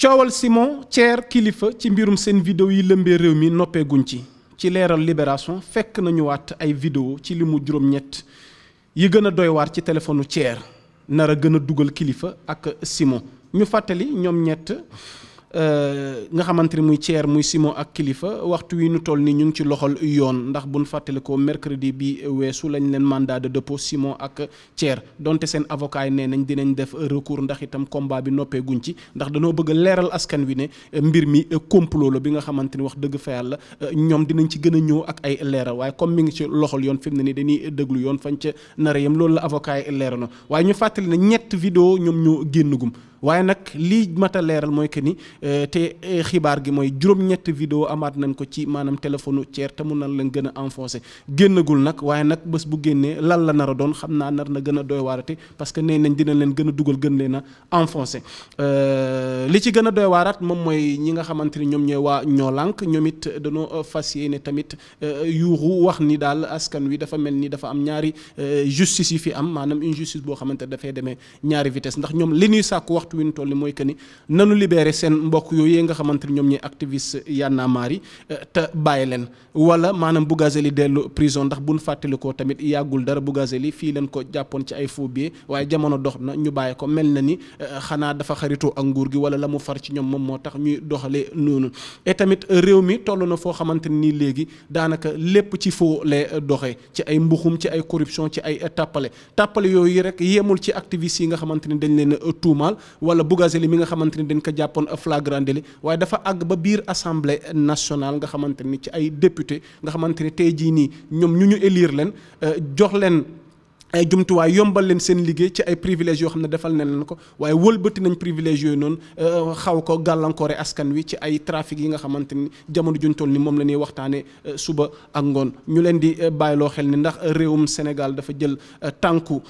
coowal Simon Thier kilifa ci mbirum seen vidéo yi lëmbee réew mi noppeeguñ ci ci leeral libération fekk nañu waat ay vidéo ci li mu juróom-ñett yi gën a doy waar ci téléphonu Thier nar a gën a dugal kilifa ak Simon ñu fàttali ñoom ñett Euh, nga xamante ni muy Thier muy Simon ak Kilifeu waxtu wi nu toll nii ñu ngi ci loxol yoon ndax buñ fàttali ko mercredi bi weesu lañ leen mandat de dépôt Simon ak Thier donte seen avocat yi nee nañ dinañ def recours ndax itam bi noppee ci ndax dañoo bëgg leeral askan wi ne mbir mi complot la bi nga xamante ni wax dëgg fa la ñoom dinañ ci gën a ñëw ak ay leeral waaye comme mi ngi ci loxol yoon fi mu ne nii dañuy déglu yoon fañ ca nara yam loolu la avocat yi leeraloo waaye ñu fàttali ne ñett vidéo ñoom ñoo génnagum waaye nag lii mat a leeral mooy que ni euh, te euh, xibaar gi mooy juróom-ñett vidéo amaat nañ ko ci maanaam téléphone Thier te mun nan lañ gën a enfoncé génnagul nag waaye nag bés bu génnee lan la nar a doon xam naa nar na gën a doy waarate parce que nee nañ dinañ leen gën a dugal gën leen a euh, li ci gën a doy waaraat moom mooy ñi nga xamante ni ñoom ñooy waa ñoo lànk ñoom it dañoo fas yéene tamit yuuxu wax ni daal askan wi dafa mel ni dafa am ñaari justice yi fi am maanaam une justice boo xamante dafay demee ñaari vitesse ndax ñoom li ñuy sàkku wax waxtu wi ñu mooy que ni nanu libéré seen mbokk yooyu nga xamante ni ñoom ñooy activiste Y'en a yi euh, te bàyyi leen wala maanaam Bougazelli dellu prison ndax buñ fàttalikoo tamit yàggul dara Bougazelli fii leen ko jàppoon ci ay faux billets waaye jamono dox na ñu bàyyi ko mel na ni euh, xanaa dafa xaritoo ak nguur gi wala la mu far ci ñoom moom moo tax ñuy doxalee noonu et tamit euh, réew mi toll na foo xamante nii léegi daanaka lépp ci foo lay doxee ci ay mbuxum ci ay corruption ci ay tàppale tàppale yooyu rek yemul ci activistes yi nga xamante ni dañ leen tuumaal wala Bougazelli mi nga xamante ni dañ ko jàppoon flagrant délit waaye dafa àgg ba biir assemblée nationale nga xamante ni ci ay député nga xamante ni tey jii nii ñoom ñu ñu élire leen euh, jox leen. ay jumtuwaay yombal leen seen liggéey ci ay privilèges yoo xam ne defal na leen ko waaye wëlbati nañ privilèges yooyu noonu euh, xaw ko gàllankoore askan wi ci ay trafic yi nga xamante ni jamono juñ ni moom la ñuy waxtaanee euh, suba ak ngoon ñu leen di euh, bàyyiloo xel ni ndax réewum Sénégal dafa jël tànku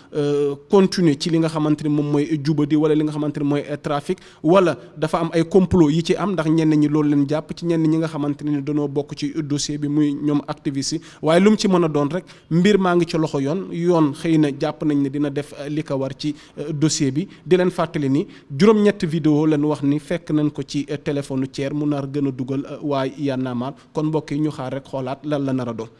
continuer ci li nga xamante ni moom mooy jubadi wala li nga xamante ni mooy trafic wala dafa am ay complot yi ci am ndax ñenn ñi loolu leen jàpp ci ñenn ñi nga xamante ni danoo bokk ci dossier bi muy ñoom activiste yi waaye lu mu ci mën a doon rek mbir maa ngi ci loxo yoon yoon xëy na jàpp nañ ne dina def euh, li ko war ci euh, dossier bi di leen fàttali ni juróom-ñetti vidéo lañ wax ni fekk nañ ko ci euh, téléphone Thier mu nar gën a dugal waaye Y'en kon mbokk yi ñu xaar rek xoolaat lan la nar a doon